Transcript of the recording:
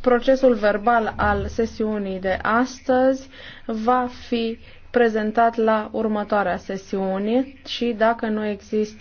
Procesul verbal al sesiunii de astăzi va fi prezentat la următoarea sesiune și dacă nu există